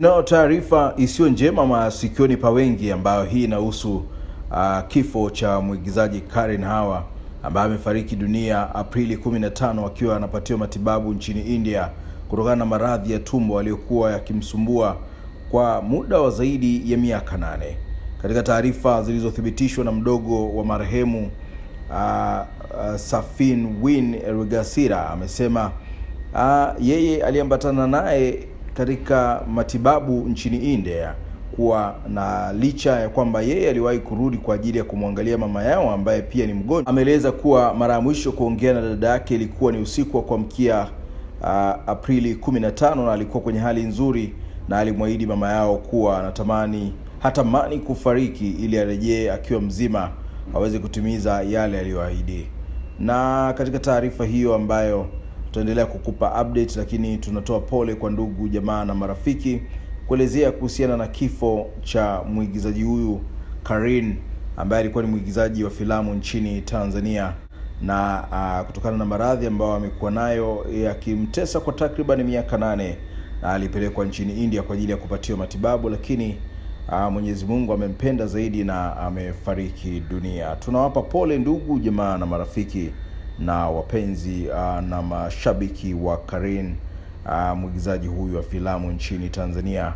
Nao taarifa isiyo njema masikioni pa wengi, ambayo hii inahusu uh, kifo cha mwigizaji Karen Hawa ambaye amefariki dunia Aprili 15 akiwa anapatiwa matibabu nchini India kutokana na maradhi ya tumbo aliyokuwa yakimsumbua kwa muda wa zaidi ya miaka nane. Katika taarifa zilizothibitishwa na mdogo wa marehemu uh, uh, Safin Win Rugasira amesema uh, yeye aliambatana naye katika matibabu nchini India kuwa na licha ya kwamba yeye aliwahi kurudi kwa ajili ya kumwangalia mama yao ambaye pia ni mgonjwa. Ameeleza kuwa mara ya mwisho kuongea na dada yake ilikuwa ni usiku wa kuamkia uh, Aprili 15 na alikuwa kwenye hali nzuri, na alimwahidi mama yao kuwa anatamani hatamani kufariki ili arejee akiwa mzima aweze kutimiza yale aliyoahidi. Na katika taarifa hiyo ambayo tutaendelea kukupa update, lakini tunatoa pole kwa ndugu jamaa na marafiki kuelezea kuhusiana na kifo cha mwigizaji huyu Karin ambaye alikuwa ni mwigizaji wa filamu nchini Tanzania na uh, kutokana na maradhi ambayo amekuwa nayo yakimtesa eh, kwa takriban miaka nane na alipelekwa nchini India kwa ajili ya kupatiwa matibabu, lakini uh, Mwenyezi Mungu amempenda zaidi na amefariki dunia. Tunawapa pole ndugu jamaa na marafiki na wapenzi uh, na mashabiki wa Karin uh, mwigizaji huyu wa filamu nchini Tanzania.